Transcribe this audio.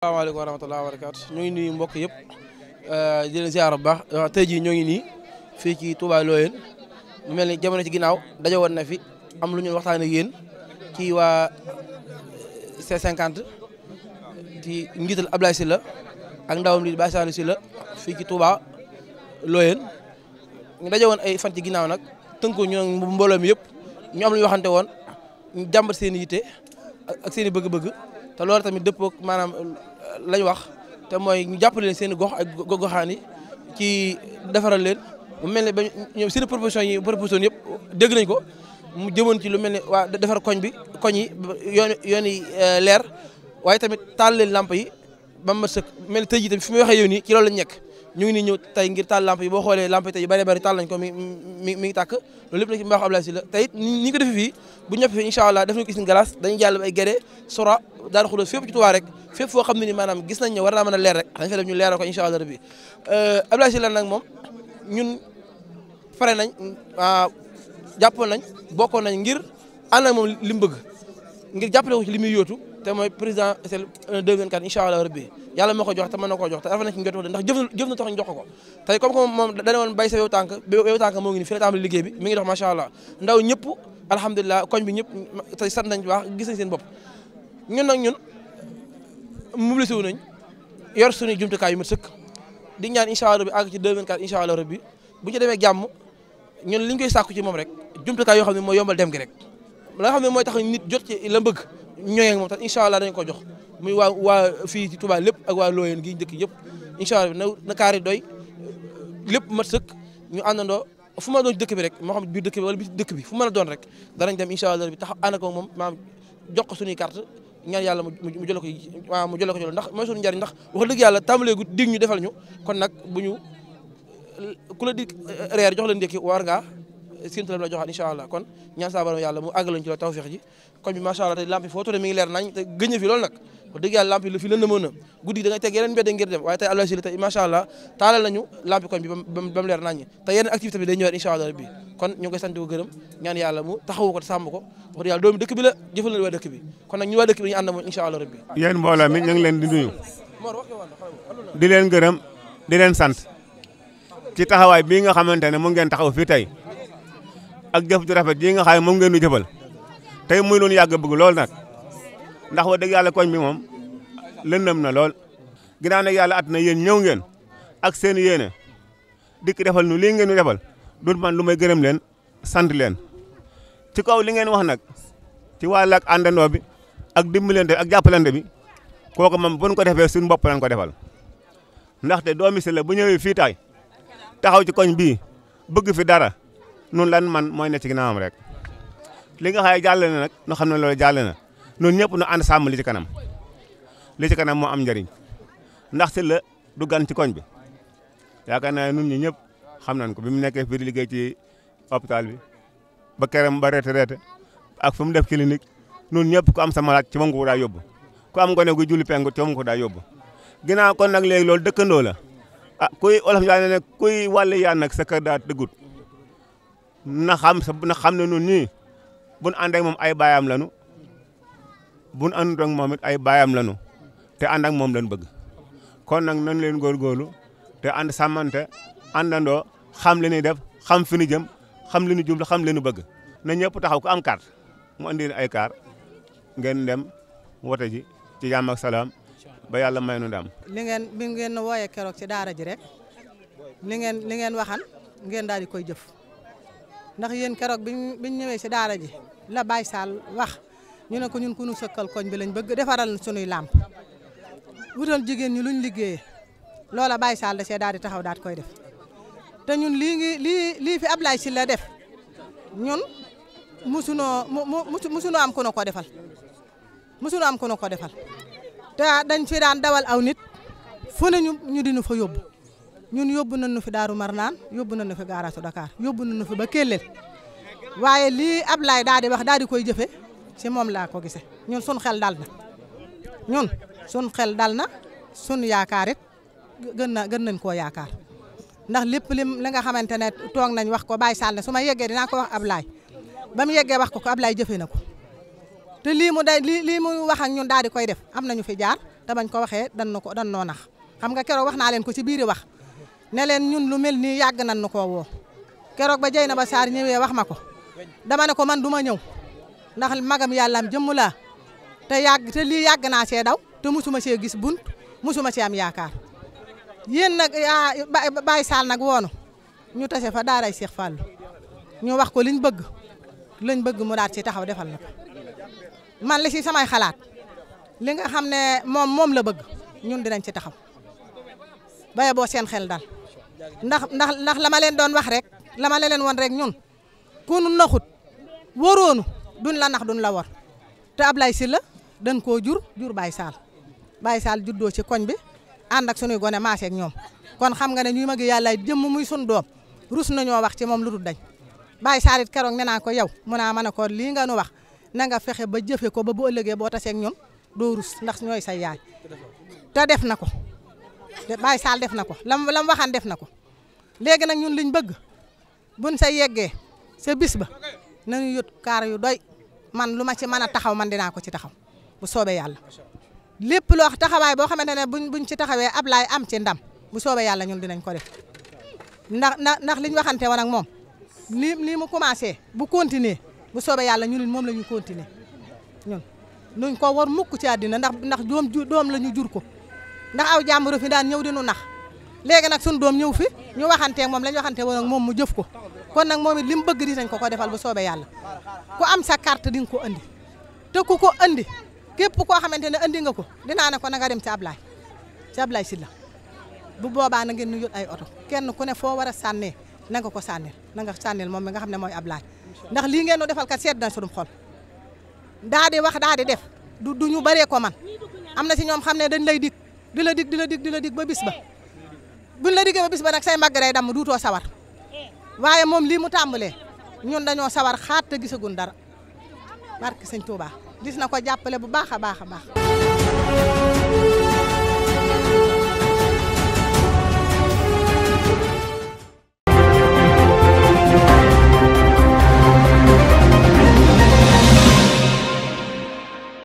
asalaamaaleykum wa rahmatulah wa barakaatu ñoo ngi nuyu mbokk yëpp euh, di leen ziar bu baax euh, tey jii ñoo ngi nii fii ci Touba Loyène mu mel ni jamono ci ginnaaw daje woon na fi am lu ñu waxtaan ak ci waa C50 ci njiital Ablaye Sylla ak ndawam li Baye Saliou fii ci Touba Loyène ñu daje woon ay fan ci ginnaaw nag tënku ñu mbooloo mi yëpp ñu am lu ñu waxante woon ñu seeni seen i yitte ak seen bëgg-bëgg. te loolu tamit dëppoo maanaam euh, lañ wax te mooy ñu jàppale leen seen gox ak goxaan yi ci defaral leen mu mel ne ba ñoom seen proposition yi proposition yëpp dégg nañ ko mu jëmoon ci lu mel ni waa defar koñ bi koñ yi yoon yoon yi euh, leer waaye tamit taal leen làmp yi ba mu sëkk mel ne tey jii tamit fi may waxee yow nii ci loolu lañ nekk. ñu ngi nii ñëw tey ngir taal lamp yi boo xoolee lamp yi tey yu bëree bëri taal nañ ko mi mi ngi tàkk loolu lépp nag mbaaxu Abdoulaye Sylla tey ko defee fii bu ñu ñëpp fii incha allah def nañ ko Sine Galass dañuy jàll ba ay Guédé Sora Daaru Xudoos fépp rek fépp foo xam ne ni maanaam gis nañ ne war naa a leer rek dañ ko incha allah rabbi euh, Abdoulaye nag moom ñun pare nañ jàppoon nañ bokkoon nañ ngir ànd ak moom bëgg ngir jàppale ko ci li muy yóotu te mooy président SEL 2024 incha allah rabbi yàlla ma ko jox te mën na koo jox te rafet na ci njot wax de ndax jëf na jëf na tax ñu jox ko tey comme que moom dane woon bay sa yow tànk yow tànk moo ngi ni fi la tàmbali ndaw ñëpp alhamdulilah koñ bi ñëpp tey sant nañ baax gis nañ seen ñun nag ñun mobilisé wu nañ yor suñu jumtukaay yu mat sëkk di ñaan incha allah rabbi àgg ci 2024 incha allah rabbi bu ñu demee jàmm ñun liñ koy sàkku ci moom rek jumtukaay yoo xam ne mooy yombal dem gi rek la xam ne mooy tax nit jot ci la mbëgg ñooyee moom tax incha allah dañ ko jox muy waa waa fii ci Touba lépp ak waa Looyeen gi dëkk yëpp incha allah na na kaar doy lépp mat sëkk ñu àndandoo fu ma doon dëkk bi rek moo xam biir dëkk bi dëkk bi fu mën a rek danañ dem incha allah bi tax ànd ak moom maam jox ko suñuy carte ñaan yàlla mu jëla ko waaw mu jëla ko jël ndax mooy suñu njariñ ndax wax dëgg yàlla tàmbalee gu dig ñu defal ñu kon nag bu ñu ku la di reer jox la ndékki war ngaa Sëriñ Tuubaa la joxaat incha allah kon ñaan saa borom yàlla mu àggalañ ci la tawfeex ji kon bi macha allah te lamp foo tuddee mi leer nañ te gëñ fi loolu nag wax dëgg yàlla lamp yi lu fi lëndëmoon na guddi da ngay teg yeneen mbedd ngir dem waaye tey àlla si la tey macha allah taalal nañu lamp koñ bi leer nañ te yeneen activité bi day ñëwaat incha allah rabbi kon ñu ngi koy ko gërëm ñaan yàlla mu taxawu ko te sàmm ko wax yàlla dëkk bi la jëfal na waa dëkk bi nga xamante ne mu ngeen taxaw fii tey ak jëf ju rafet yi nga xam ne moom ngeen di jëfal tey muy loon yàgg bëgg lool nag ndax wax dëgg yàlla koñ bi moom lëndëm na lool. ginnaaw nag yàlla at na yéen ñëw ngeen ak seen yéene dikk defal nu lii ngeen di defal du man lu may gërëm leen sant leen. ci kaw li ngeen wax nag ci wàll ak àndandoo bi ak dimbalante ak jàppalante bi kooku moom bu ko defee suñu bopp lañ ko defal ndaxte doo si la bu ñëwee fii tay taxaw ci koñ bi bëgg fi dara. nun lan man mooy ne ci ginnaawam rek li nga xaye jàll na nag nu xam ne loolu jàll na nun ñëpp nu ànd sàmm li ci kanam li ci kanam moo am njariñ ndax si la du gan ci koñ bi yaakaar naa nun ñi ñëpp xam nañ ko bi mu nekkee fii di liggéey ci hôpital bi ba këram ba reete reete ak fu mu def clinique nun ñëpp ku am sa malaat ci moom daa yóbbu ku am gone gu juli pengu ci moom ko daa yóbbu ginnaaw ko nag léegi loolu dëkkandoo la ah kuy olof yaa ne kuy wàll yaa nag sa kër daa dëggut na xam sa na xam ne nun ñii bun ànd ak moom ay baayam lanu bun àndut ak moom it ay baayam lanu te ànd ak moom lañ bëgg kon nag nañ leen góorgóorlu te ànd sàmmante àndandoo xam li ñuy def xam fi ñu jëm xam li ñu jublu xam li ñu bëgg na ñëpp taxaw ko am carte mu andi ay kar ngeen dem wote ji ci jàmm ak salaam ba yàlla may nu ndam. li ngeen bi ngeen wooyee keroog ci daara ji rek li ngeen li ngeen waxan ngeen daal di koy jëf. ndax yéen keroog biñ biñ ñëwee si daara ji la Baye Sall wax ñu ne ko ñun ku ñu sëkkal koñ bi lañ bëgg defaral sunuy làmp wutal jigéen ñi luñ liggéeyee loola Baye Sall da see daal di taxaw daat koy def te ñun lii ngi lii lii fi Ablaye si la def ñun musunoo musunoo am ku nu ko defal musunoo am ku nu ko defal te dañ fi daan dawal aw nit fu ne ñu ñu dinu ñun yóbbu nañ nu fi Daaru naan yóbbu nañu fi gaaraasu Dakar yóbbu nu fi ba Kellel waaye lii ablaay daa di wax daa di koy jëfe si moom laa ko gisee ñun sun xel dal na ñun sun xel dal na sun yaakaar it gën na gën nañ koo yaakaar ndax lépp lim li nga xamante ne toog nañ wax ko Baye Sall ne su ma yeggee dinaa ko wax Ablaye ba mu yeggee wax ko ko Ablaye jëfee na ko te lii mu day lii lii mu wax ak ñun daal di koy def am nañu fi jaar te bañ ko waxee dan na ko dan noo nax xam nga keroog wax naa leen ko ci biiri wax ne leen ñun lu mel nii yàgg nañ nu koo woo keroog ba jey na ba Sarr ñëwee wax ma ko dama ne ko man duma ma ñëw ndax magam yàllaam jëmm laa te yàgg te lii yàgg naa see daw te musuma see gis bunt musuma see am yaakaar yéen nag ah, Baye Sall nag woonu ñu tase fa daaray Cheikh Fallou ñu wax ko liñ bëgg lañ bëgg mu daat ci taxaw defal na ko man li si samay xalaat li nga xam ne moom moom la bëgg ñun dinañ ci taxaw baye boo seen xel dal ndax ndax ndax la ma leen doon wax rek la leen woon rek ñun ku naxut waroonu duñ la nax duñ la war te Ablaye Sylla dan koo jur jur Baye Sall Baye Sall juddoo ci koñ bi ànd ak sunuy gone maase ak ñoom kon xam nga ne ñuy magi yàlla jëmm muy sun doom rus nañoo wax ci moom lu dul dañ Baye Sall it keroog nee naa ko yow mun naa mën a ko lii nga nu wax nanga fexe ba jëfe ko ba bu ëllëgee boo tasee ak ñun doo rus ndax ñooy sa yaay te def na ko. Baye Sall def na ko lam lam waxaan def na ko léegi nag ñun liñ bëgg buñ sa yeggee sa bis ba nañu yut kaar yu doy man lu ma ci mën a taxaw man dinaa ko ci taxaw bu soobee yàlla lépp loo taxawaay boo xamante ne buñ buñ ci taxawee Ablaye am ci ndam bu soobee yàlla ñun dinañ ko def ndax ndax ndax liñ waxante woon ak moom lii lii mu commencé bu continuer bu soobee yàlla ñun moom la ñu continuer ñun luñ ko war mukk ci àddina ndax ndax doom ju doom la ñu jur ko ndax aw jàmbur fi daan ñëw di nu nax léegi nag sunu doom ñëw fi ñu waxantee moom la lañ waxante woon ak moom mu jëf ko kon nag moom it li mu bëgg di nañ ko ko defal bu soobe yàlla ko am sa carte di nga ko andi te ku ko andi képp koo xamante ne andi nga ko dinaa ne ko na nga dem ci Ablaye ci Ablaye Sylla bu boobaa na ngeen ñu yót ay oto kenn ku ne foo war a sànnee na nga ko sànneel na nga sànneel moom mi nga xam ne mooy ab Ablaye ndax lii ngeen nu defal kat sedd na sunum xol daa di wax daa di def du du ñu bëree ko man am na si ñoom xam ne dañ lay dik di la dig di la dig di la dig ba bis ba buñ la diggee ba bis ba nag say mbagg day damm duutoo sawar waaye moom lii mu tàmbalee ñun dañoo sawar xaat te gisagun dara barke sëñ Touba gis na ko jàppale bu baax a baax a baax.